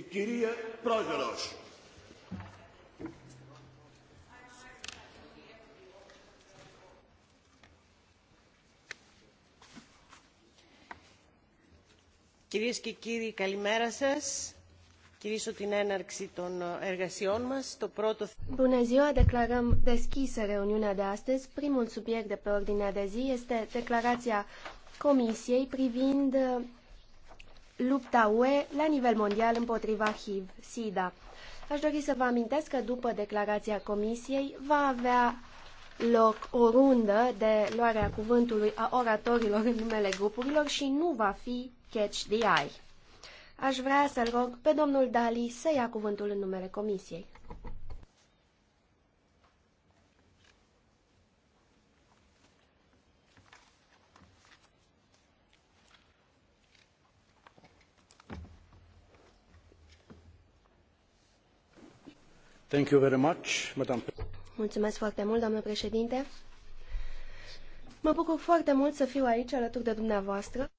Κυρία Πρόεδρος. Κυρίες και κύριοι, καλημέρα σας. Κυρίσω την έναρξη των εργασιών μας. Το πρώτο... Bună ziua, declarăm deschisă reuniunea de astăzi. Primul subiect de pe ordinea de zi este declarația Comisiei privind lupta UE la nivel mondial împotriva HIV-SIDA. Aș dori să vă amintesc că după declarația Comisiei va avea loc o rundă de luarea cuvântului a oratorilor în numele grupurilor și nu va fi catch the eye. Aș vrea să-l rog pe domnul Dali să ia cuvântul în numele Comisiei. Mulțumesc foarte mult, președinte. Mă bucur foarte mult să fiu aici alături de dumneavoastră.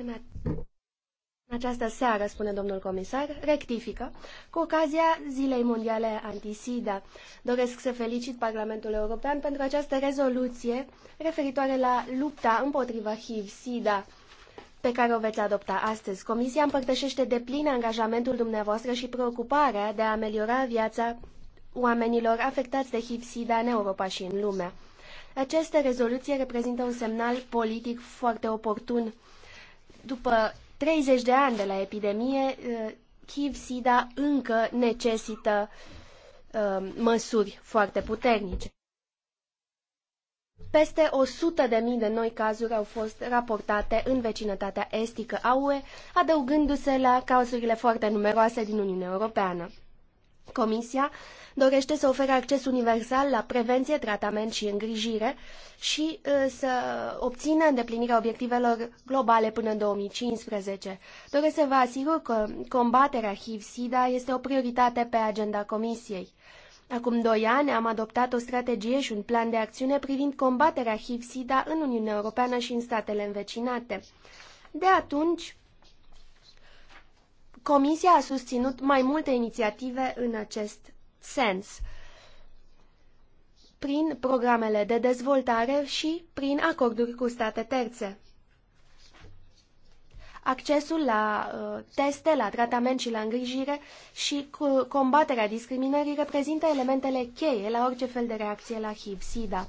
În, în această seară, spune domnul comisar, rectifică, cu ocazia Zilei Mondiale Antisida. Doresc să felicit Parlamentul European pentru această rezoluție referitoare la lupta împotriva HIV-SIDA pe care o veți adopta astăzi. Comisia împărtășește de plin angajamentul dumneavoastră și preocuparea de a ameliora viața oamenilor afectați de HIV-SIDA în Europa și în lume. Această rezoluție reprezintă un semnal politic foarte oportun. După 30 de ani de la epidemie, eh, HIV-SIDA încă necesită uh, măsuri foarte puternice. Peste 100.000 de, de noi cazuri au fost raportate în vecinătatea estică a UE, adăugându-se la cazurile foarte numeroase din Uniunea Europeană. Comisia dorește să ofere acces universal la prevenție, tratament și îngrijire și uh, să obțină îndeplinirea obiectivelor globale până în 2015. Doresc să vă asigur că combaterea HIV-SIDA este o prioritate pe agenda Comisiei. Acum doi ani am adoptat o strategie și un plan de acțiune privind combaterea HIV-SIDA în Uniunea Europeană și în statele învecinate. De atunci, Comisia a susținut mai multe inițiative în acest sens, prin programele de dezvoltare și prin acorduri cu state terțe accesul la uh, teste, la tratament și la îngrijire și cu combaterea discriminării reprezintă elementele cheie la orice fel de reacție la HIV-SIDA.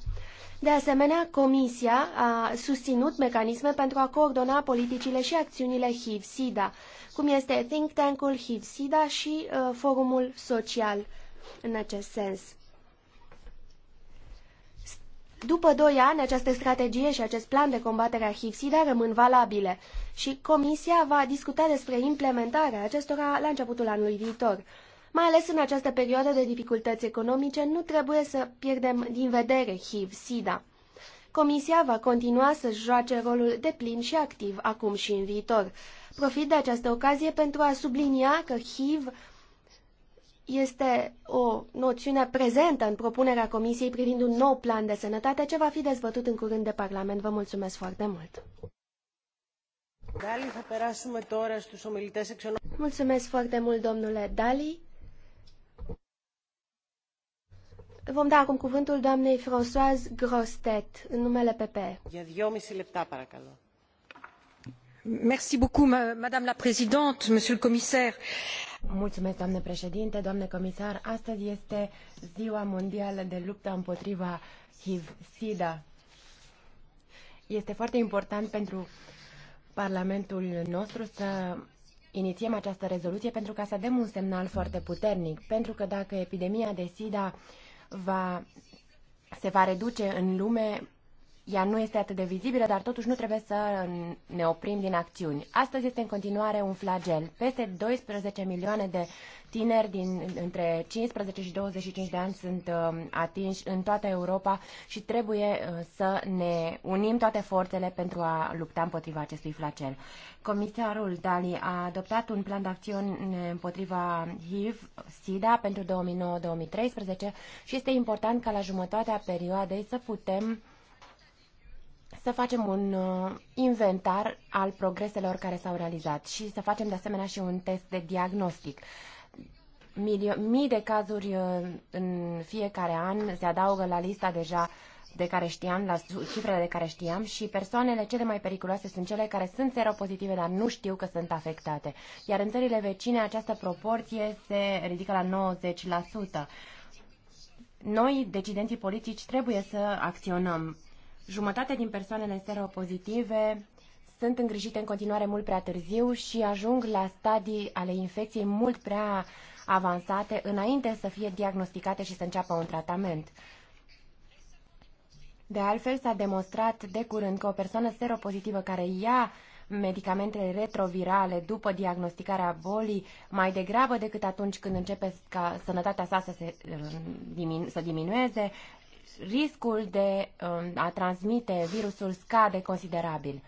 De asemenea, Comisia a susținut mecanisme pentru a coordona politicile și acțiunile HIV-SIDA, cum este think tank-ul HIV-SIDA și uh, forumul social în acest sens. După doi ani, această strategie și acest plan de combatere a HIV-SIDA rămân valabile și Comisia va discuta despre implementarea acestora la începutul anului viitor. Mai ales în această perioadă de dificultăți economice, nu trebuie să pierdem din vedere HIV-SIDA. Comisia va continua să joace rolul de plin și activ acum și în viitor. Profit de această ocazie pentru a sublinia că HIV este o noțiune prezentă în propunerea Comisiei privind un nou plan de sănătate ce va fi dezbătut în curând de Parlament. Vă mulțumesc foarte mult! Mulțumesc foarte mult, domnule Dali. Vom da acum cuvântul doamnei Françoise Grostet, în numele PP. Merci beaucoup, Madame la Présidente, Monsieur le Commissaire. Mulțumesc, doamne președinte, doamne comisar. Astăzi este Ziua Mondială de Luptă împotriva HIV-SIDA. Este foarte important pentru Parlamentul nostru să inițiem această rezoluție pentru ca să dăm un semnal foarte puternic, pentru că dacă epidemia de SIDA va, se va reduce în lume, ea nu este atât de vizibilă, dar totuși nu trebuie să ne oprim din acțiuni. Astăzi este în continuare un flagel. Peste 12 milioane de tineri din, între 15 și 25 de ani sunt uh, atinși în toată Europa și trebuie uh, să ne unim toate forțele pentru a lupta împotriva acestui flagel. Comisarul Dali a adoptat un plan de acțiune împotriva HIV-SIDA pentru 2009-2013 și este important ca la jumătatea perioadei să putem să facem un uh, inventar al progreselor care s-au realizat și să facem de asemenea și un test de diagnostic. Milio- mii de cazuri uh, în fiecare an se adaugă la lista deja de care știam, la cifrele de care știam și persoanele cele mai periculoase sunt cele care sunt seropozitive, dar nu știu că sunt afectate. Iar în țările vecine această proporție se ridică la 90%. Noi, decidenții politici, trebuie să acționăm Jumătate din persoanele seropozitive sunt îngrijite în continuare mult prea târziu și ajung la stadii ale infecției mult prea avansate înainte să fie diagnosticate și să înceapă un tratament. De altfel, s-a demonstrat de curând că o persoană seropozitivă care ia medicamentele retrovirale după diagnosticarea bolii mai degrabă decât atunci când începe ca sănătatea sa să, se, să diminueze, riscul de um, a transmite virusul scade considerabil.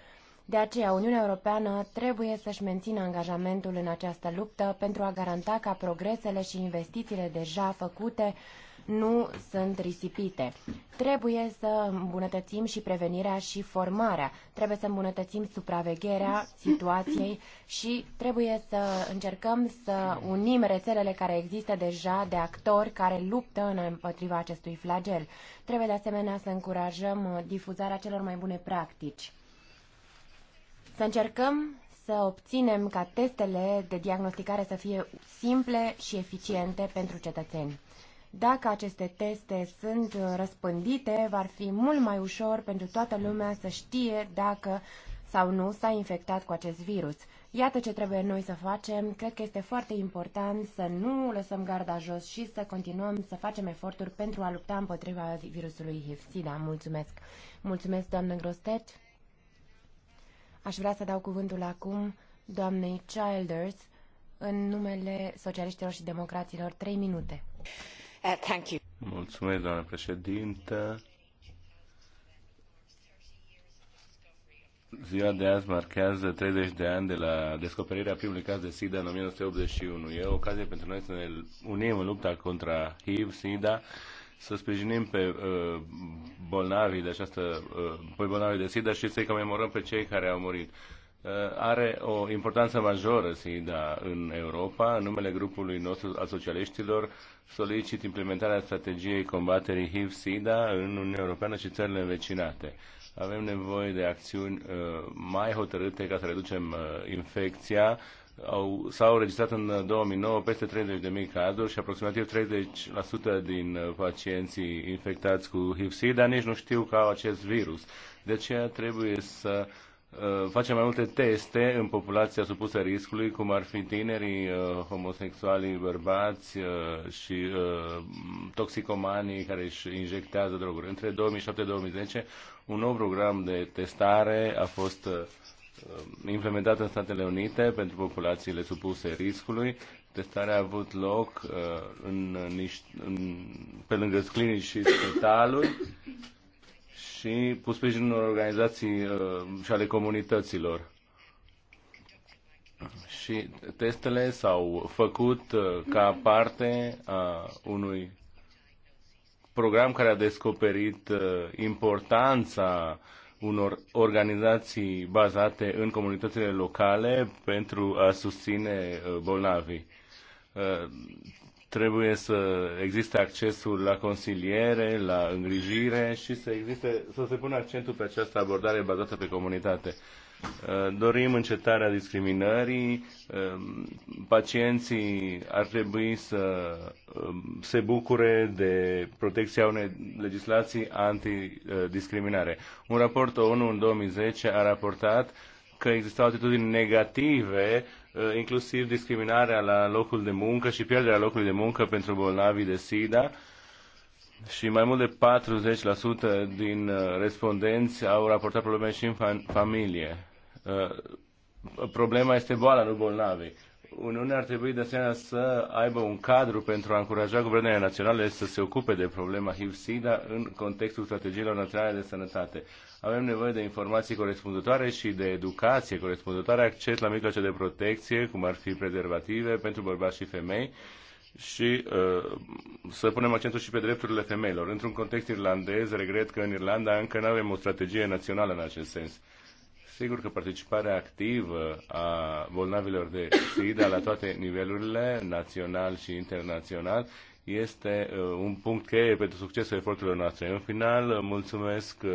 De aceea, Uniunea Europeană trebuie să-și mențină angajamentul în această luptă pentru a garanta ca progresele și investițiile deja făcute nu sunt risipite. Trebuie să îmbunătățim și prevenirea și formarea, trebuie să îmbunătățim supravegherea situației și trebuie să încercăm să unim rețelele care există deja de actori care luptă împotriva acestui flagel. Trebuie de asemenea să încurajăm difuzarea celor mai bune practici. Să încercăm să obținem ca testele de diagnosticare să fie simple și eficiente pentru cetățeni. Dacă aceste teste sunt uh, răspândite, va fi mult mai ușor pentru toată lumea să știe dacă sau nu s-a infectat cu acest virus. Iată ce trebuie noi să facem. Cred că este foarte important să nu lăsăm garda jos și să continuăm să facem eforturi pentru a lupta împotriva virusului HIV-SIDA. Mulțumesc! Mulțumesc, doamnă Grostet! Aș vrea să dau cuvântul acum doamnei Childers în numele socialiștilor și democraților. Trei minute. Uh, Mulțumesc, doamnă președintă. Ziua de azi marchează 30 de ani de la descoperirea primului caz de SIDA în 1981. E o ocazie pentru noi să ne unim în lupta contra HIV, SIDA, să sprijinim pe uh, bolnavii de această, uh, bolnavii de SIDA și să-i comemorăm pe cei care au murit. Uh, are o importanță majoră SIDA în Europa. În numele grupului nostru al socialiștilor solicit implementarea strategiei combaterii HIV-SIDA în Uniunea Europeană și țările învecinate. Avem nevoie de acțiuni uh, mai hotărâte ca să reducem uh, infecția. Au, s-au registrat în 2009 peste 30.000 cazuri și aproximativ 30% din pacienții infectați cu HIV-SIDA nici nu știu că au acest virus. De aceea trebuie să uh, Uh, face mai multe teste în populația supusă riscului, cum ar fi tinerii uh, homosexuali, bărbați uh, și toxicomanii care își injectează droguri. Între 2007-2010, un nou program de testare a fost implementat în Statele Unite pentru populațiile supuse riscului. Testarea a avut loc în, în, pe lângă clinici și spitaluri și cu sprijinul unor organizații uh, și ale comunităților. Și testele s-au făcut uh, ca parte a unui program care a descoperit uh, importanța unor organizații bazate în comunitățile locale pentru a susține bolnavii trebuie să existe accesul la consiliere, la îngrijire și să, existe, să se pună accentul pe această abordare bazată pe comunitate. Uh, dorim încetarea discriminării, uh, pacienții ar trebui să uh, se bucure de protecția unei legislații antidiscriminare. Un raport ONU în 2010 a raportat că existau atitudini negative, uh, inclusiv discriminarea la locul de muncă și pierderea locului de muncă pentru bolnavii de SIDA. Și mai mult de 40% din uh, respondenți au raportat probleme și în familie. Uh, problema este boala, nu bolnavii. Uniunea ar trebui de asemenea să aibă un cadru pentru a încuraja guvernele naționale să se ocupe de problema HIV-SIDA în contextul strategiilor naționale de sănătate. Avem nevoie de informații corespunzătoare și de educație corespunzătoare, acces la mijloace de protecție, cum ar fi prezervative pentru bărbați și femei, și uh, să punem accentul și pe drepturile femeilor. Într-un context irlandez, regret că în Irlanda încă nu avem o strategie națională în acest sens. Sigur că participarea activă a bolnavilor de SIDA la toate nivelurile, național și internațional, este uh, un punct cheie pentru succesul eforturilor noastre. În final, mulțumesc uh,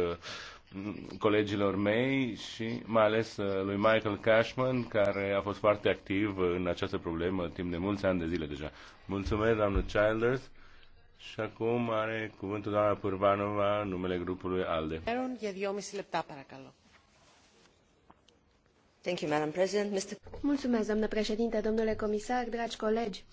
colegilor mei și mai ales uh, lui Michael Cashman, care a fost foarte activ în această problemă timp de mulți ani de zile deja. Mulțumesc, doamnă Childers. Și acum are cuvântul doamna Purvanova, numele grupului ALDE. Mulțumesc, doamnă președinte, domnule comisar, dragi colegi.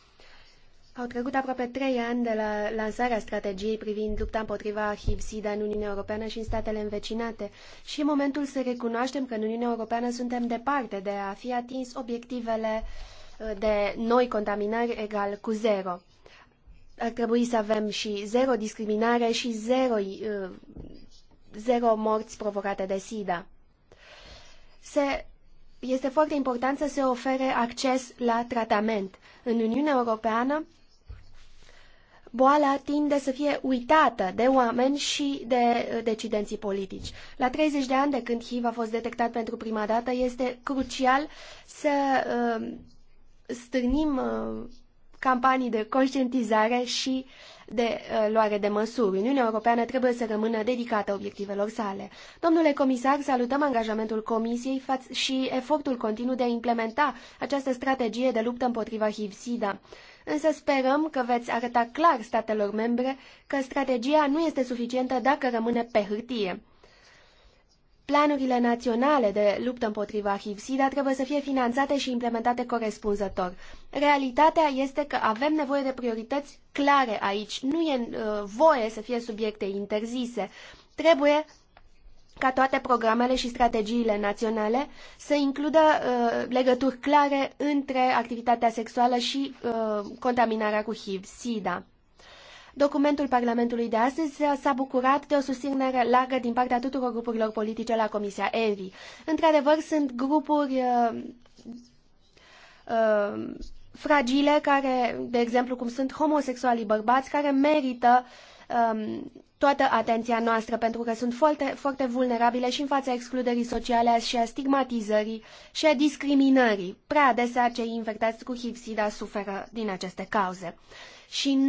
Au trecut aproape trei ani de la lansarea strategiei privind lupta împotriva HIV-SIDA în Uniunea Europeană și în statele învecinate și e momentul să recunoaștem că în Uniunea Europeană suntem departe de a fi atins obiectivele uh, de noi contaminări egal cu zero. Ar trebui să avem și zero discriminare și zero, uh, zero morți provocate de SIDA. Se este foarte important să se ofere acces la tratament. În Uniunea Europeană boala tinde să fie uitată de oameni și de uh, decidenții politici. La 30 de ani de când HIV a fost detectat pentru prima dată, este crucial să uh, stârnim uh, campanii de conștientizare și de uh, luare de măsuri. Uniunea Europeană trebuie să rămână dedicată obiectivelor sale. Domnule comisar, salutăm angajamentul Comisiei și efortul continuu de a implementa această strategie de luptă împotriva HIV-SIDA. Uh, însă sperăm că veți arăta clar statelor membre că strategia nu este suficientă dacă rămâne pe hârtie. Planurile naționale de luptă împotriva HIV-SIDA trebuie să fie finanțate și implementate corespunzător. Realitatea este că avem nevoie de priorități clare aici. Nu e uh, voie să fie subiecte interzise. Trebuie ca toate programele și strategiile naționale să includă uh, legături clare între activitatea sexuală și uh, contaminarea cu HIV-SIDA. Documentul Parlamentului de astăzi s-a bucurat de o susținere largă din partea tuturor grupurilor politice la Comisia ENVI. Într-adevăr, sunt grupuri uh, uh, fragile, care, de exemplu, cum sunt homosexualii bărbați, care merită uh, toată atenția noastră, pentru că sunt foarte, foarte vulnerabile și în fața excluderii sociale și a stigmatizării și a discriminării. Prea adesea cei infectați cu HIV-SIDA suferă din aceste cauze. Și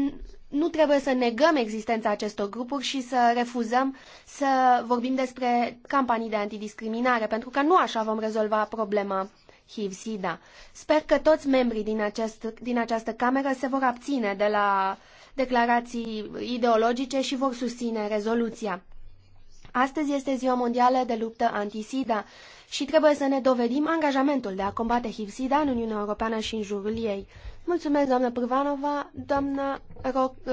nu trebuie să negăm existența acestor grupuri și să refuzăm să vorbim despre campanii de antidiscriminare, pentru că nu așa vom rezolva problema HIV-SIDA. Sper că toți membrii din, acest, din această cameră se vor abține de la uh, declarații ideologice și vor susține rezoluția. Astăzi este Ziua Mondială de Luptă anti-sida și trebuie să ne dovedim angajamentul de a combate HIV-SIDA în Uniunea Europeană și în jurul ei. Mulțumesc, doamnă Pârvanova. Doamna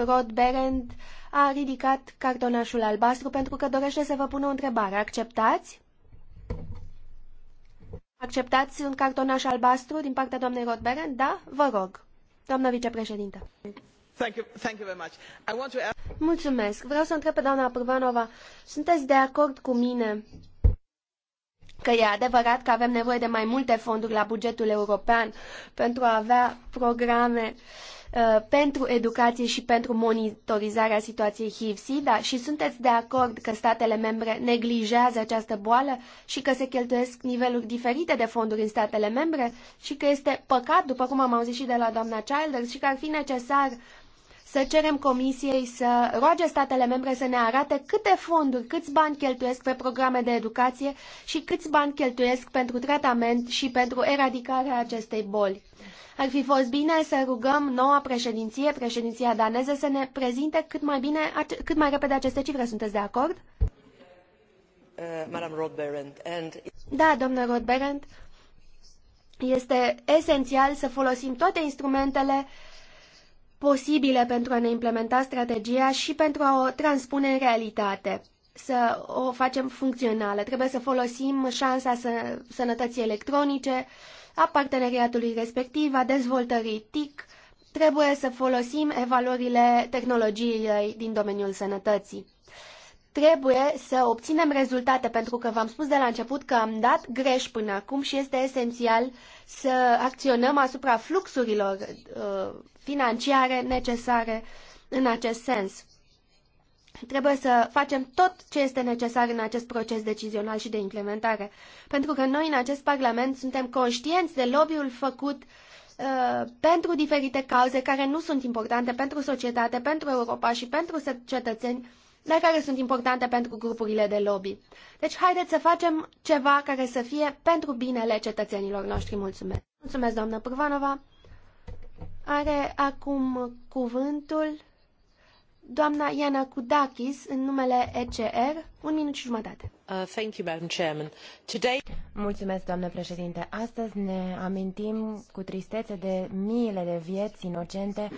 Rod Berend a ridicat cartonașul albastru pentru că dorește să vă pună o întrebare. Acceptați? Acceptați un cartonaș albastru din partea doamnei Rod Berend? Da? Vă rog. Doamna vicepreședintă. Mulțumesc. Vreau să întreb pe doamna Pârvanova, sunteți de acord cu mine că e adevărat că avem nevoie de mai multe fonduri la bugetul european pentru a avea programe uh, pentru educație și pentru monitorizarea situației HIV-SIDA și sunteți de acord că statele membre neglijează această boală și că se cheltuiesc niveluri diferite de fonduri în statele membre și că este păcat, după cum am auzit și de la doamna Childers, și că ar fi necesar uh, să cerem comisiei să roage statele membre să ne arate câte fonduri, câți bani cheltuiesc pe programe de educație și câți bani cheltuiesc pentru tratament și pentru eradicarea acestei boli. Ar fi fost bine să rugăm noua președinție, președinția daneză, să ne prezinte cât mai, bine, cât mai repede aceste cifre. Sunteți de acord? Uh, da, doamnă Rodberent, este esențial să folosim toate instrumentele uh, posibile pentru a ne implementa strategia și pentru a o transpune în realitate, să o facem funcțională. Trebuie să folosim șansa să, sănătății electronice, a parteneriatului respectiv, a dezvoltării TIC. Trebuie să folosim evaluările tehnologiei din domeniul sănătății. Trebuie să obținem rezultate, pentru că v-am spus de la început că am dat greș până acum și este esențial să acționăm asupra fluxurilor uh, financiare necesare în acest sens. Trebuie să facem tot ce este necesar în acest proces decizional și de implementare, pentru că noi în acest Parlament suntem conștienți de lobby-ul făcut uh, pentru diferite cauze care nu sunt importante pentru societate, pentru Europa și pentru cetățeni, dar care sunt importante pentru grupurile de lobby. Deci haideți să facem ceva care să fie pentru binele cetățenilor noștri. Mulțumesc! Mulțumesc, doamnă Prvanova. Are acum cuvântul doamna Iana Kudakis în numele ECR. Un minut și jumătate. Uh, thank you, Madam Chairman. Today... Mulțumesc, doamnă președinte. Astăzi ne amintim cu tristețe de miile de vieți inocente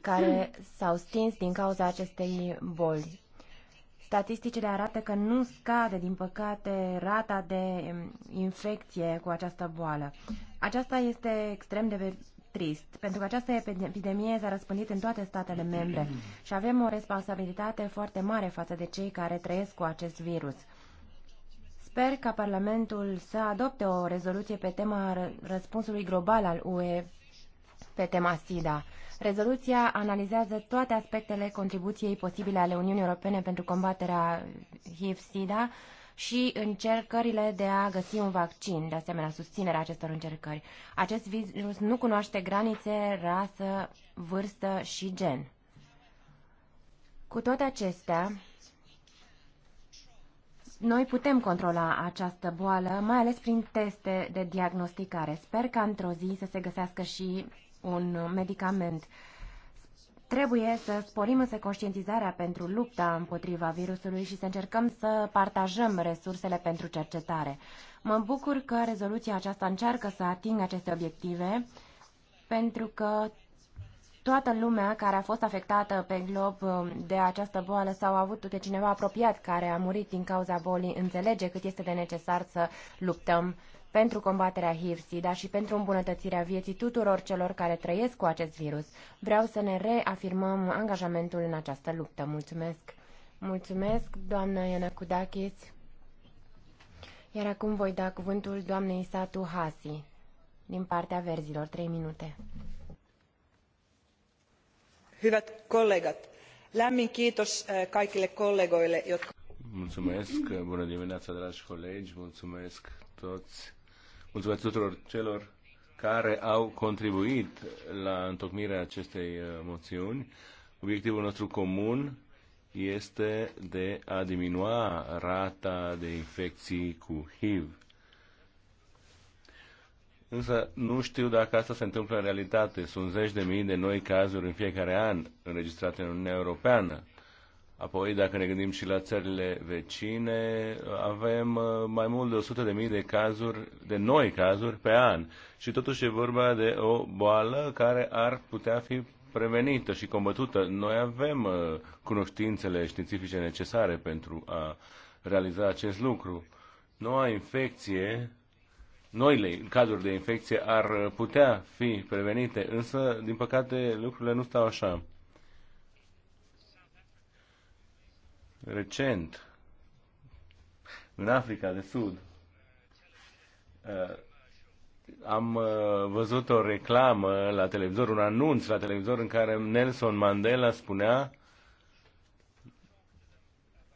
care s-au stins din cauza acestei boli. Statisticile arată că nu scade, din păcate, rata de infecție cu această boală. Aceasta este extrem de trist, pentru că această epidemie s-a răspândit în toate statele membre și avem o responsabilitate foarte mare față de cei care trăiesc cu acest virus. Sper ca Parlamentul să adopte o rezoluție pe tema răspunsului global al UE pe tema SIDA. Rezoluția analizează toate aspectele contribuției posibile ale Uniunii Europene pentru combaterea HIV-SIDA, și încercările de a găsi un vaccin, de asemenea susținerea acestor încercări. Acest virus nu cunoaște granițe, rasă, vârstă și gen. Cu toate acestea, noi putem controla această boală, mai ales prin teste de diagnosticare. Sper ca într-o zi să se găsească și un medicament. Trebuie să sporim însă conștientizarea pentru lupta împotriva virusului și să încercăm să partajăm resursele pentru cercetare. Mă bucur că rezoluția aceasta încearcă să atingă aceste obiective, pentru că toată lumea care a fost afectată pe glob um, de această boală sau a avut de cineva apropiat care a murit din cauza bolii înțelege cât este de necesar să luptăm pentru combaterea HIV-SIDA și pentru îmbunătățirea vieții tuturor celor care trăiesc cu acest virus. Vreau să ne reafirmăm angajamentul în această luptă. Mulțumesc! Mulțumesc, doamna Iana Kudakis. Iar acum voi da cuvântul doamnei Satu Hasi, din partea verzilor. Trei minute. Hyvät kollegat, lämmin kiitos eh, kaikille kollegoille, jotka... Mulțumesc, bună dimineața, dragi colegi, mulțumesc toți Mulțumesc tuturor celor care au contribuit la întocmirea acestei uh, moțiuni. Obiectivul nostru comun este de a diminua rata de infecții cu HIV. Însă nu știu dacă asta se întâmplă în realitate. Sunt zeci de mii de noi cazuri în fiecare an înregistrate în Uniunea Europeană. Apoi, dacă ne gândim și la țările vecine, avem uh, mai mult de 100.000 de cazuri, de noi cazuri pe an. Și totuși e vorba de o boală care ar putea fi prevenită și combătută. Noi avem uh, cunoștințele științifice necesare pentru a realiza acest lucru. Noua infecție, noile cazuri de infecție ar putea fi prevenite, însă, din păcate, lucrurile nu stau așa. recent în Africa de Sud. Uh, am uh, văzut o reclamă la televizor, un anunț la televizor în care Nelson Mandela spunea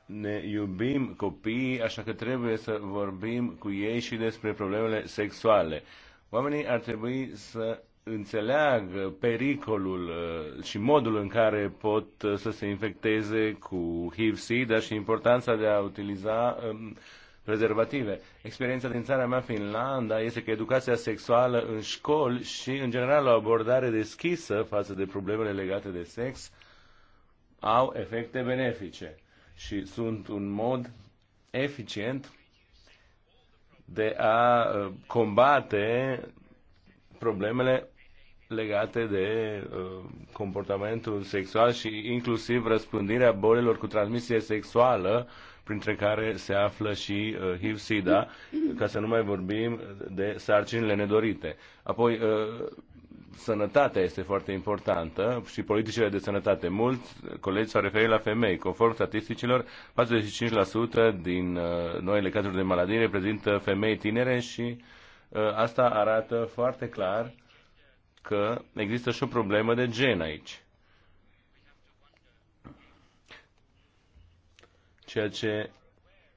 ne iubim copiii, așa că trebuie să vorbim cu ei și despre problemele sexuale. Oamenii ar trebui să înțeleagă pericolul uh, și modul în care pot uh, să se infecteze cu hiv dar și importanța de a utiliza um, prezervative. Experiența din țara mea, Finlanda, este că educația sexuală în școli și, în general, o abordare deschisă față de problemele legate de sex au efecte benefice și sunt un mod eficient de a uh, combate problemele legate de uh, comportamentul sexual și inclusiv răspândirea bolilor cu transmisie sexuală, printre care se află și uh, HIV-SIDA, ca să nu mai vorbim de sarcinile nedorite. Apoi, uh, sănătatea este foarte importantă și politicile de sănătate. Mulți colegi s-au referit la femei. Conform statisticilor, 45% din uh, noile cazuri de maladie reprezintă femei tinere și uh, asta arată foarte clar uh, că există și o problemă de gen aici. Ceea ce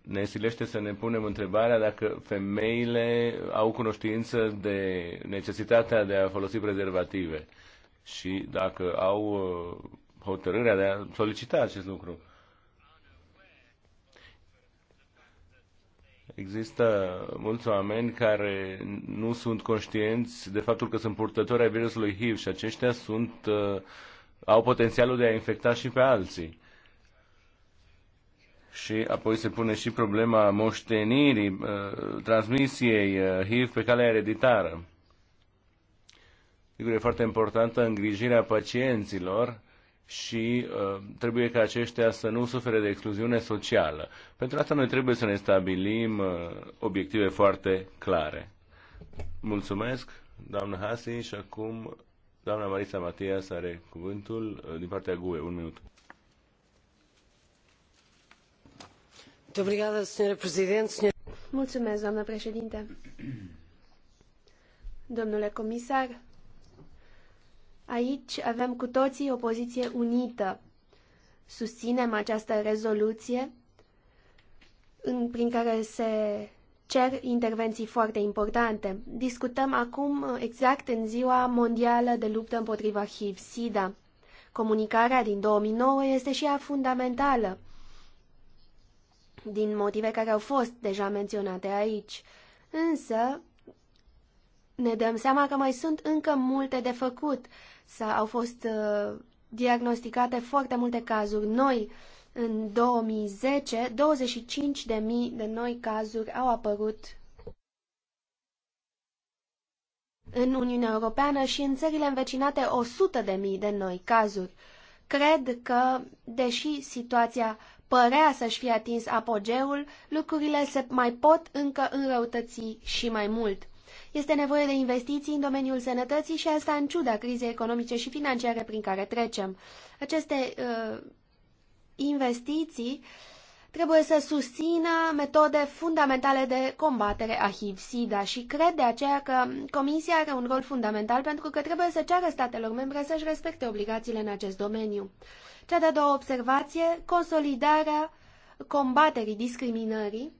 ne silește să ne punem întrebarea dacă femeile au cunoștință de necesitatea de a folosi prezervative și dacă au uh, hotărârea de a solicita acest lucru. Există mulți oameni care nu sunt conștienți de faptul că sunt purtători ai virusului HIV și aceștia sunt, uh, au potențialul de a infecta și pe alții. Și apoi se pune și problema moștenirii, uh, transmisiei HIV uh, pe calea ereditară. Sigur, e foarte importantă îngrijirea pacienților și uh, trebuie ca aceștia să nu sufere de excluziune socială. Pentru asta noi trebuie să ne stabilim uh, obiective foarte clare. Mulțumesc, doamnă Hasi, și acum doamna Marisa Matias are cuvântul uh, din partea GUE. Un minut. Mulțumesc, doamnă președinte. Domnule comisar, Aici avem cu toții o poziție unită. Susținem această rezoluție în, prin care se cer intervenții foarte importante. Discutăm acum exact în ziua mondială de luptă împotriva HIV-SIDA. Comunicarea din 2009 este și ea fundamentală, din motive care au fost deja menționate aici. Însă, ne dăm seama că mai sunt încă multe de făcut. S-au fost uh, diagnosticate foarte multe cazuri noi. În 2010, 25.000 de noi cazuri au apărut în Uniunea Europeană și în țările învecinate 100.000 de noi cazuri. Cred că, deși situația părea să-și fie atins apogeul, lucrurile se mai pot încă înrăutăți și mai mult. Este nevoie de investiții în domeniul sănătății și asta în ciuda crizei economice și financiare prin care trecem. Aceste uh, investiții trebuie să susțină metode fundamentale de combatere a HIV-SIDA și cred de aceea că Comisia are un rol fundamental pentru că trebuie să ceară statelor membre să-și respecte obligațiile în acest domeniu. Cea de-a doua observație, consolidarea combaterii discriminării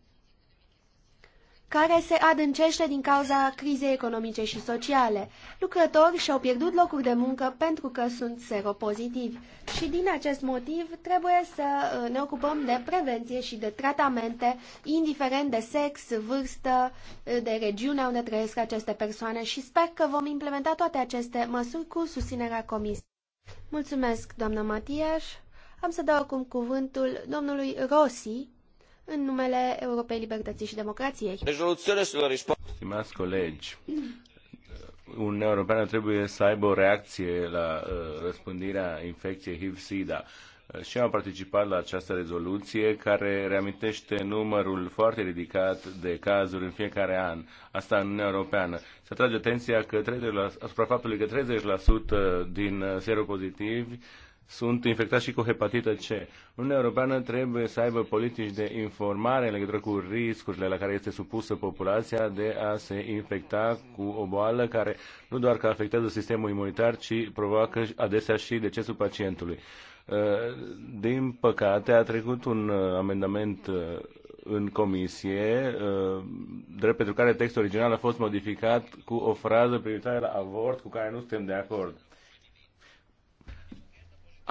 care se adâncește din cauza crizei economice și sociale. Lucrători și-au pierdut locuri de muncă pentru că sunt seropozitivi și din acest motiv trebuie să uh, ne ocupăm de prevenție și de tratamente, indiferent de sex, vârstă, uh, de regiunea unde trăiesc aceste persoane și sper că vom implementa toate aceste măsuri cu susținerea comisiei. Mulțumesc, doamna Matiaș. Am să dau acum cuvântul domnului Rossi în numele Europei Libertății și Democrației. Stimați colegi, Uniunea Europeană trebuie să aibă o reacție la uh, răspândirea infecției HIV-SIDA. Uh, și am participat la această rezoluție care reamintește numărul foarte ridicat de cazuri în fiecare an, asta în Uniunea Europeană. Se atrage atenția că 30, asupra faptului că 30% din uh, seropozitivi sunt infectați și cu hepatită C. Uniunea Europeană trebuie să aibă politici de informare în legătură cu riscurile la care este supusă populația de a se infecta cu o boală care nu doar că afectează sistemul imunitar, ci provoacă adesea și decesul pacientului. Uh, din păcate, a trecut un uh, amendament uh, în comisie, drept pentru care textul original a fost modificat cu o frază privitoare la avort cu care nu suntem de acord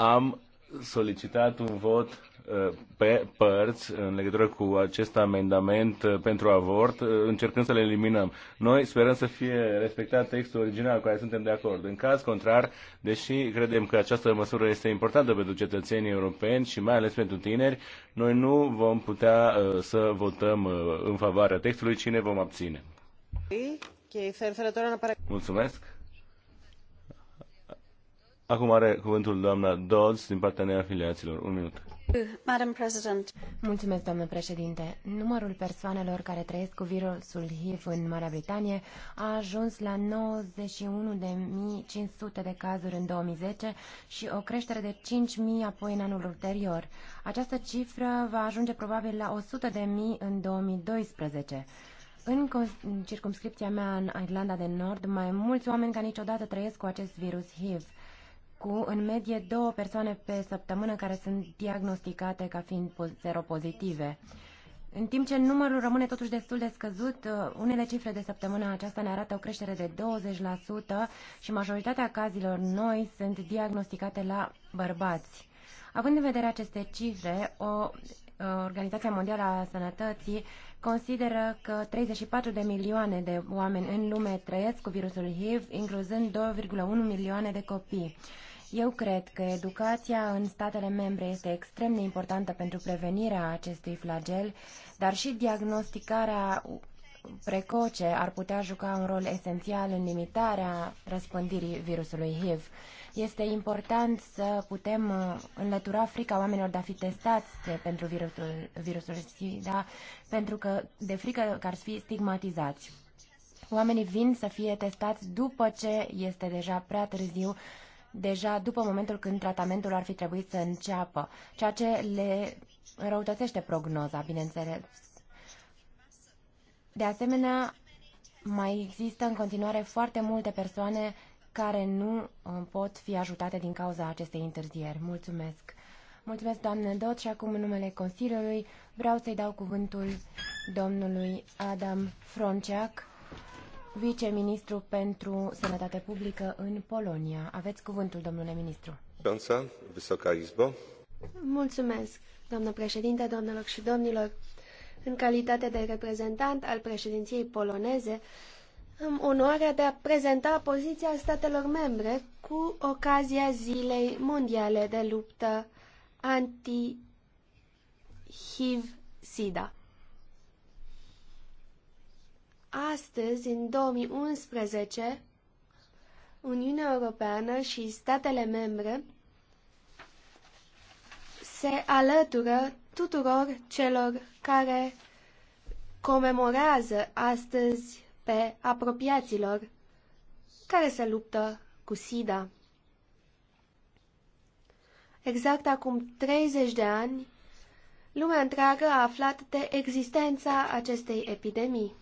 am solicitat un vot uh, pe părți în legătură cu acest amendament uh, pentru avort, uh, încercând să le eliminăm. Noi sperăm să fie respectat textul original cu care suntem de acord. În caz contrar, deși credem că această măsură este importantă pentru cetățenii europeni și mai ales pentru tineri, noi nu vom putea să votăm în favoarea textului, cine vom abține. Mulțumesc! Acum are cuvântul doamna Dodds din partea neafiliaților. Un minut. Madam President. Mulțumesc, doamnă președinte. Numărul persoanelor care trăiesc cu virusul HIV în Marea Britanie a ajuns la 91.500 de cazuri în 2010 și o creștere de 5.000 apoi în anul ulterior. Această cifră va ajunge probabil la 100.000 în 2012. În circumscripția mea în Irlanda de Nord, mai mulți oameni ca niciodată trăiesc cu acest virus HIV cu în medie două persoane pe săptămână care sunt diagnosticate ca fiind seropozitive. În timp ce numărul rămâne totuși destul de scăzut, uh, unele cifre de săptămână aceasta ne arată o creștere de 20% și majoritatea cazilor noi sunt diagnosticate la bărbați. Având în vedere aceste cifre, o uh, Organizația Mondială a Sănătății consideră că 34 de milioane de oameni în lume trăiesc cu virusul HIV, incluzând 2,1 milioane de copii. Eu cred că educația în statele membre este extrem de importantă pentru prevenirea acestui flagel, dar și diagnosticarea precoce ar putea juca un rol esențial în limitarea răspândirii virusului HIV. Este important să putem uh, înlătura frica oamenilor de a fi testați pentru virusul, virusul SIDA, pentru că de frică că ar fi stigmatizați. Oamenii vin să fie testați după ce este deja prea târziu deja după momentul când tratamentul ar fi trebuit să înceapă, ceea ce le răutățește prognoza, bineînțeles. De asemenea, mai există în continuare foarte multe persoane care nu uh, pot fi ajutate din cauza acestei întârzieri. Mulțumesc! Mulțumesc, doamnă Dot, și acum în numele Consiliului vreau să-i dau cuvântul domnului Adam Fronceac, viceministru pentru sănătate publică în Polonia. Aveți cuvântul, domnule ministru. Mulțumesc, doamnă președinte, doamnelor și domnilor. În calitate de reprezentant al președinției poloneze, am onoarea de a prezenta poziția statelor membre cu ocazia Zilei Mondiale de Luptă anti-HIV-SIDA. Astăzi, în 2011, Uniunea Europeană și statele membre se alătură tuturor celor care comemorează astăzi pe apropiaților care se luptă cu SIDA. Exact acum 30 de ani, lumea întreagă a aflat de existența acestei epidemii.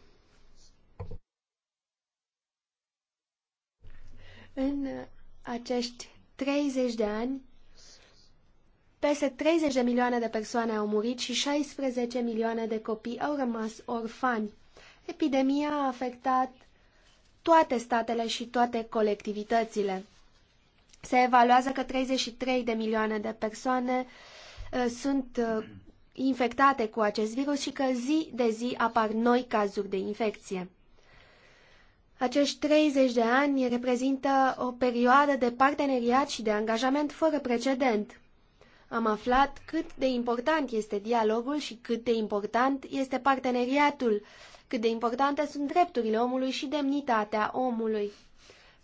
În acești 30 de ani, peste 30 de milioane de persoane au murit și 16 milioane de copii au rămas orfani. Epidemia a afectat toate statele și toate colectivitățile. Se evaluează că 33 de milioane de persoane uh, sunt uh, infectate cu acest virus și că zi de zi apar noi cazuri de infecție. Acești 30 de ani reprezintă o perioadă de parteneriat și de angajament fără precedent. Am aflat cât de important este dialogul și cât de important este parteneriatul, cât de importante sunt drepturile omului și demnitatea omului.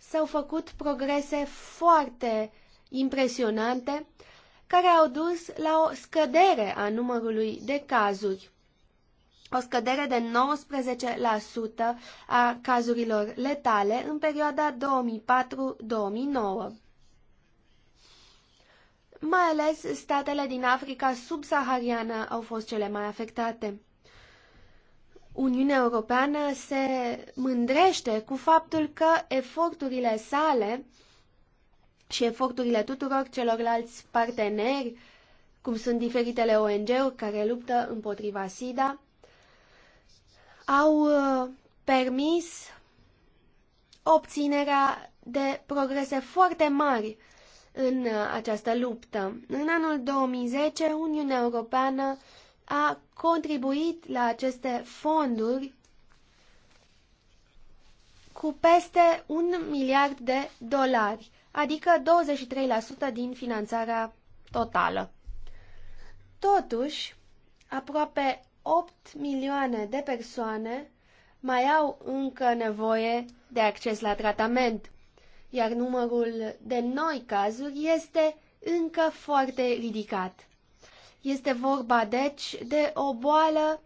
S-au făcut progrese foarte impresionante care au dus la o scădere a numărului de cazuri o scădere de 19% a cazurilor letale în perioada 2004-2009. Mai ales statele din Africa subsahariană au fost cele mai afectate. Uniunea Europeană se mândrește cu faptul că eforturile sale și eforturile tuturor celorlalți parteneri, cum sunt diferitele ONG-uri care luptă împotriva SIDA, au uh, permis obținerea de progrese foarte mari în uh, această luptă. În anul 2010, Uniunea Europeană a contribuit la aceste fonduri cu peste un miliard de dolari, adică 23% din finanțarea totală. Totuși, aproape 8 milioane de persoane mai au încă nevoie de acces la tratament, iar numărul de noi cazuri este încă foarte ridicat. Este vorba, deci, de o boală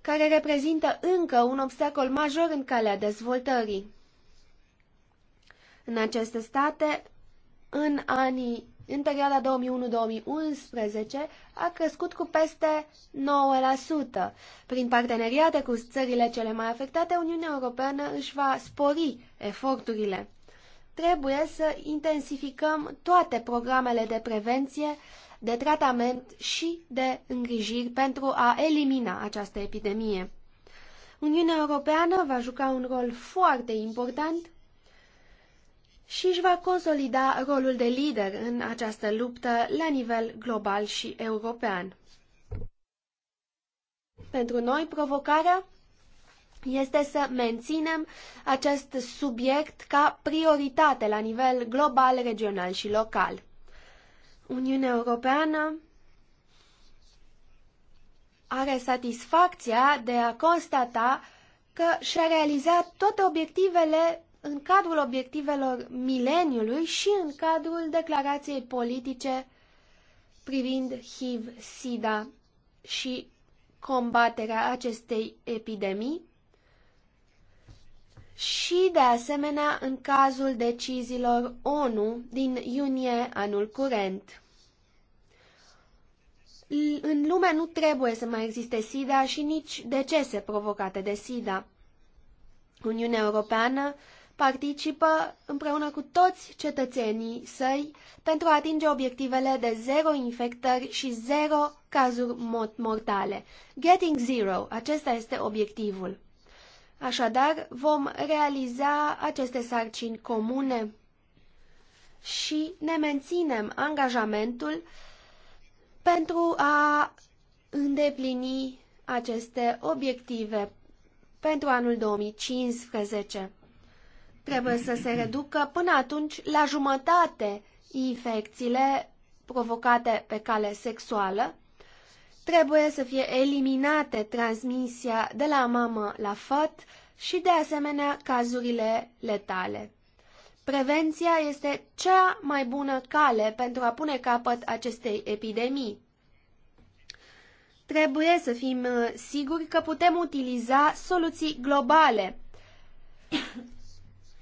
care reprezintă încă un obstacol major în calea dezvoltării. În aceste state, în anii în perioada 2001-2011 a crescut cu peste 9%. Prin parteneriate cu țările cele mai afectate, Uniunea Europeană își va spori eforturile. Trebuie să intensificăm toate programele de prevenție, de tratament și de îngrijiri pentru a elimina această epidemie. Uniunea Europeană va juca un rol foarte important și își va consolida rolul de lider în această luptă la nivel global și european. Pentru noi, provocarea este să menținem acest subiect ca prioritate la nivel global, regional și local. Uniunea Europeană are satisfacția de a constata că și-a realizat toate obiectivele în cadrul obiectivelor mileniului și în cadrul declarației politice privind HIV-SIDA și combaterea acestei epidemii și, de asemenea, în cazul deciziilor ONU din iunie anul curent. În lume nu trebuie să mai existe SIDA și nici decese provocate de SIDA. Uniunea Europeană participă împreună cu toți cetățenii săi pentru a atinge obiectivele de zero infectări și zero cazuri mortale. Getting Zero, acesta este obiectivul. Așadar, vom realiza aceste sarcini comune și ne menținem angajamentul pentru a îndeplini aceste obiective pentru anul 2015. Trebuie să se reducă până atunci la jumătate infecțiile provocate pe cale sexuală. Trebuie să fie eliminate transmisia de la mamă la făt și de asemenea cazurile letale. Prevenția este cea mai bună cale pentru a pune capăt acestei epidemii. Trebuie să fim uh, siguri că putem utiliza soluții globale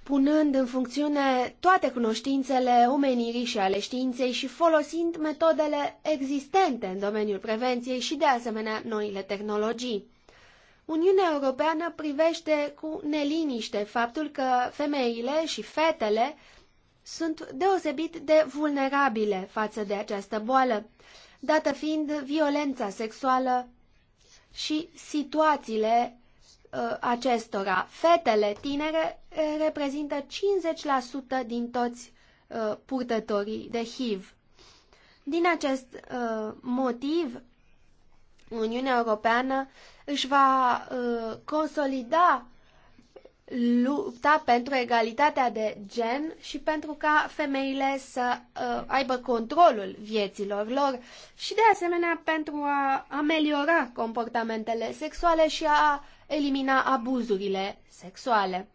punând în funcțiune toate cunoștințele omenirii și ale științei și folosind metodele existente în domeniul prevenției și de asemenea noile tehnologii. Uniunea Europeană privește cu neliniște faptul că femeile și fetele sunt deosebit de vulnerabile față de această boală, dată fiind violența sexuală și situațiile Uh, acestora. Fetele tinere uh, reprezintă 50% din toți uh, purtătorii de HIV. Din acest motiv, Uniunea Europeană își va consolida lupta pentru egalitatea de gen și pentru ca femeile să uh, aibă controlul vieților lor și de asemenea pentru a ameliora comportamentele sexuale și a elimina abuzurile sexuale.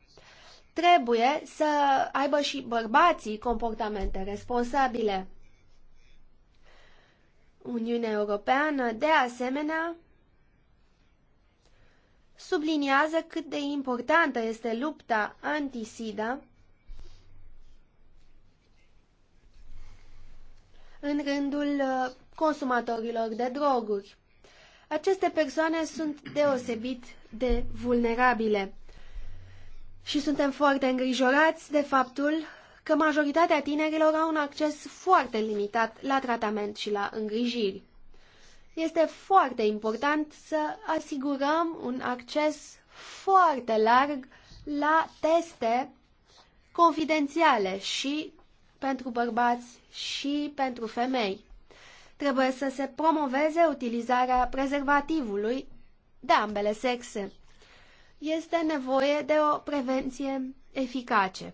Trebuie să aibă și bărbații comportamente responsabile. Uniunea Europeană, de asemenea, subliniază cât de importantă este lupta antisida în rândul uh, consumatorilor de droguri. Aceste persoane sunt deosebit de vulnerabile și suntem foarte îngrijorați de faptul că majoritatea tinerilor au un acces foarte limitat la tratament și la îngrijiri. Este foarte important să asigurăm un acces foarte larg la teste confidențiale și pentru bărbați și pentru femei. Trebuie să se promoveze utilizarea prezervativului de ambele sexe. Este nevoie de o prevenție eficace.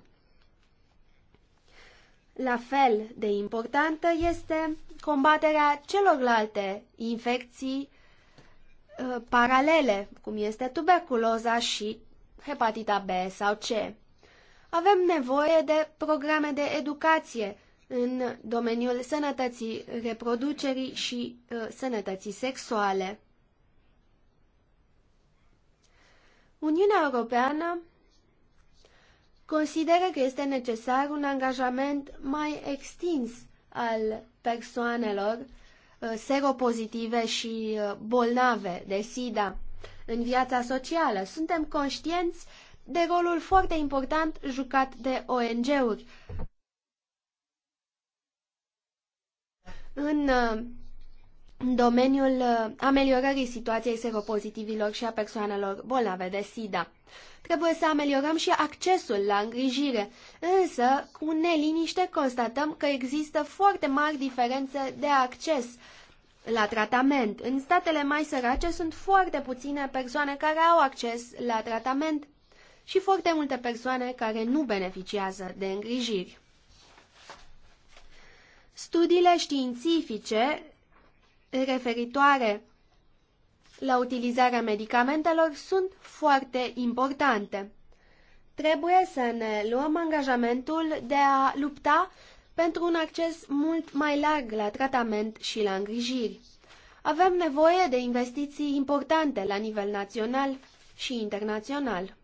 La fel de importantă este combaterea celorlalte infecții uh, paralele, cum este tuberculoza și hepatita B sau C. Avem nevoie de programe de educație în domeniul sănătății reproducerii și uh, sănătății sexuale. Uniunea Europeană consideră că este necesar un angajament mai extins al persoanelor uh, seropozitive și uh, bolnave de SIDA în viața socială. Suntem conștienți de rolul foarte important jucat de ONG-uri în uh, în domeniul uh, ameliorării situației seropozitivilor și a persoanelor bolnave de SIDA. Trebuie să ameliorăm și accesul la îngrijire, însă cu neliniște constatăm că există foarte mari diferențe de acces la tratament. În statele mai sărace sunt foarte puține persoane care au acces la tratament și foarte multe persoane care nu beneficiază de îngrijiri. Studiile științifice referitoare la utilizarea medicamentelor sunt foarte importante. Trebuie să ne luăm angajamentul de a lupta pentru un acces mult mai larg la tratament și la îngrijiri. Avem nevoie de investiții importante la nivel național și internațional.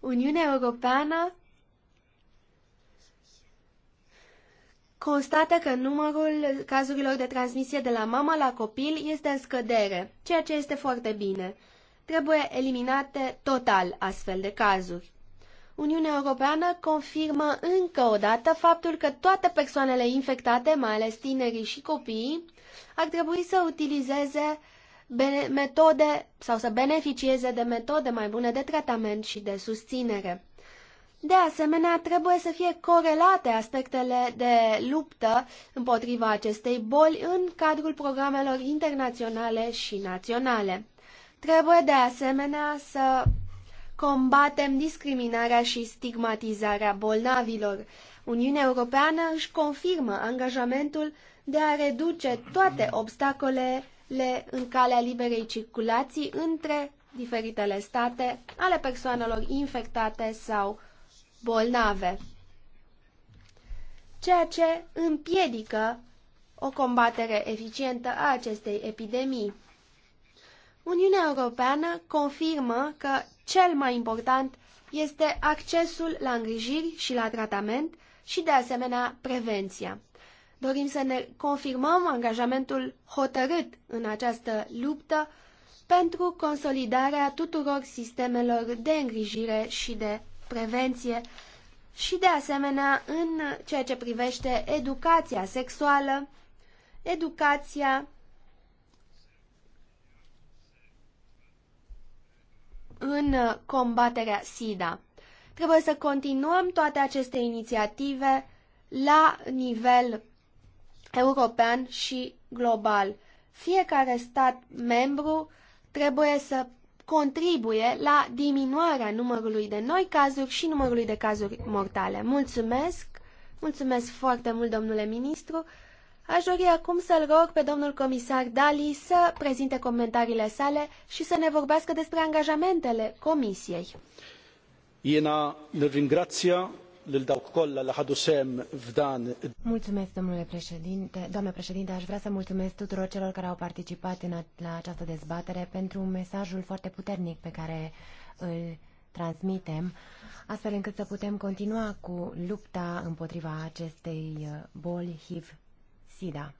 Uniunea Europeană constată că numărul cazurilor de transmisie de la mamă la copil este în scădere, ceea ce este foarte bine. Trebuie eliminate total astfel de cazuri. Uniunea Europeană confirmă încă o dată faptul că toate persoanele infectate, mai ales tinerii și copiii, ar trebui să utilizeze metode sau să beneficieze de metode mai bune de tratament și de susținere. De asemenea, trebuie să fie corelate aspectele de luptă împotriva acestei boli în cadrul programelor internaționale și naționale. Trebuie de asemenea să combatem discriminarea și stigmatizarea bolnavilor. Uniunea Europeană își confirmă angajamentul de a reduce toate obstacolele în calea liberei circulații între diferitele state ale persoanelor infectate sau bolnave, ceea ce împiedică o combatere eficientă a acestei epidemii. Uniunea Europeană confirmă că cel mai important este accesul la îngrijiri și la tratament și, de asemenea, prevenția. Dorim să ne confirmăm angajamentul hotărât în această luptă pentru consolidarea tuturor sistemelor de îngrijire și de prevenție și, de asemenea, în ceea ce privește educația sexuală, educația în combaterea SIDA. Trebuie să continuăm toate aceste inițiative la nivel european și global. Fiecare stat membru trebuie să contribuie la diminuarea numărului de noi cazuri și numărului de cazuri mortale. Mulțumesc! Mulțumesc foarte mult, domnule ministru! Aș dori acum să-l rog pe domnul comisar Dali să prezinte comentariile sale și să ne vorbească despre angajamentele comisiei. Iena, ne ringrazia Mulțumesc, domnule președinte. Doamnă președinte, aș vrea să mulțumesc tuturor celor care au participat la această dezbatere pentru mesajul foarte puternic pe care îl transmitem, astfel încât să putem continua cu lupta împotriva acestei uh, boli HIV-SIDA.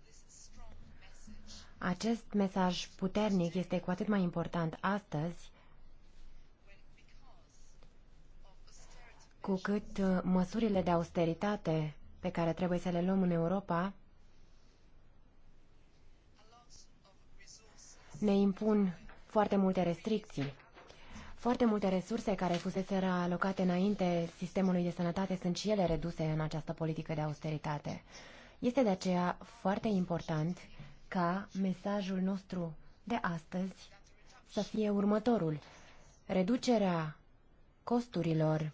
Acest mesaj puternic este cu atât mai important astăzi, cu cât uh, măsurile de austeritate pe care trebuie să le luăm în Europa ne impun foarte multe restricții. Foarte multe resurse care fusese alocate înainte sistemului de sănătate sunt și ele reduse în această politică de austeritate. Este de aceea foarte important ca mesajul nostru de astăzi să fie următorul. Reducerea costurilor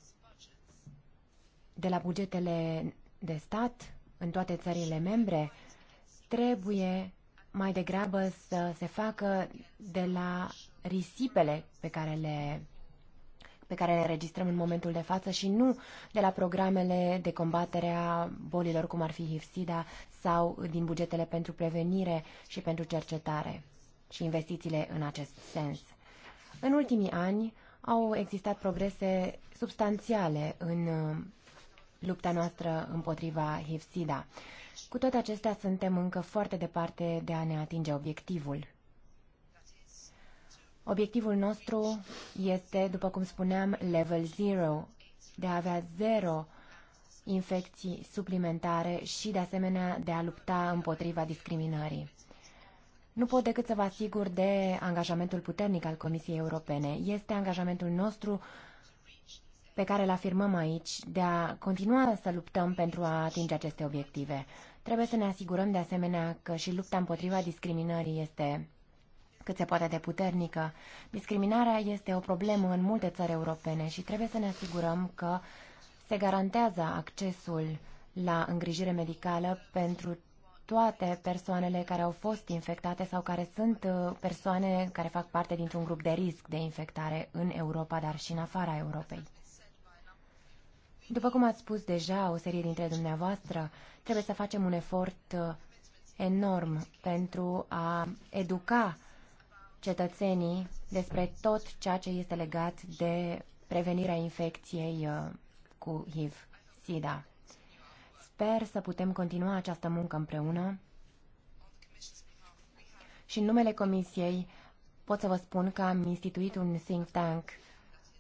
de la bugetele de stat în toate țările membre, trebuie mai degrabă să se facă de la risipele pe care le pe care le registrăm în momentul de față și nu de la programele de combatere a bolilor cum ar fi HIV-SIDA sau din bugetele pentru prevenire și pentru cercetare și investițiile în acest sens. În ultimii ani au existat progrese substanțiale în lupta noastră împotriva HIV-SIDA. Cu toate acestea, suntem încă foarte departe de a ne atinge obiectivul. Obiectivul nostru este, după cum spuneam, level zero, de a avea zero infecții suplimentare și, de asemenea, de a lupta împotriva discriminării. Nu pot decât să vă asigur de angajamentul puternic al Comisiei Europene. Este angajamentul nostru pe care îl afirmăm aici de a continua să luptăm pentru a atinge aceste obiective. Trebuie să ne asigurăm de asemenea că și lupta împotriva discriminării este cât se poate de puternică. Discriminarea este o problemă în multe țări europene și trebuie să ne asigurăm că se garantează accesul la îngrijire medicală pentru toate persoanele care au fost infectate sau care sunt uh, persoane care fac parte dintr-un grup de risc de infectare în Europa, dar și în afara Europei. După cum ați spus deja o serie dintre dumneavoastră, trebuie să facem un efort uh, enorm pentru a educa cetățenii despre tot ceea ce este legat de prevenirea infecției uh, cu HIV-SIDA. Sper să putem continua această muncă împreună și în numele Comisiei pot să vă spun că am instituit un think tank,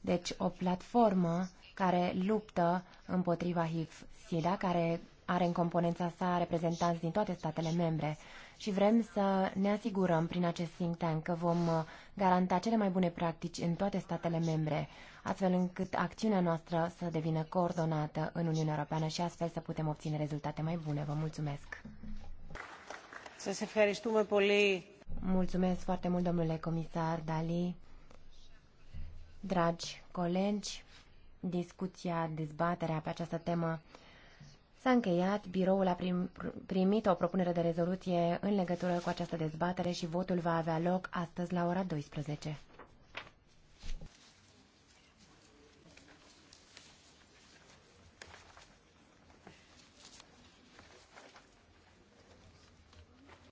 deci o platformă care luptă împotriva HIV-SIDA, care are în componența sa reprezentanți din toate statele membre și vrem să ne asigurăm prin acest think tank că vom uh, garanta cele mai bune practici în toate statele membre, astfel încât acțiunea noastră să devină coordonată în Uniunea Europeană și astfel să putem obține rezultate mai bune. Vă mulțumesc! Mulțumesc foarte mult, domnule comisar Dali, dragi colegi, discuția, dezbaterea pe această temă s-a încheiat. Biroul a prim, primit o propunere de rezoluție în legătură cu această dezbatere și votul va avea loc astăzi la ora 12.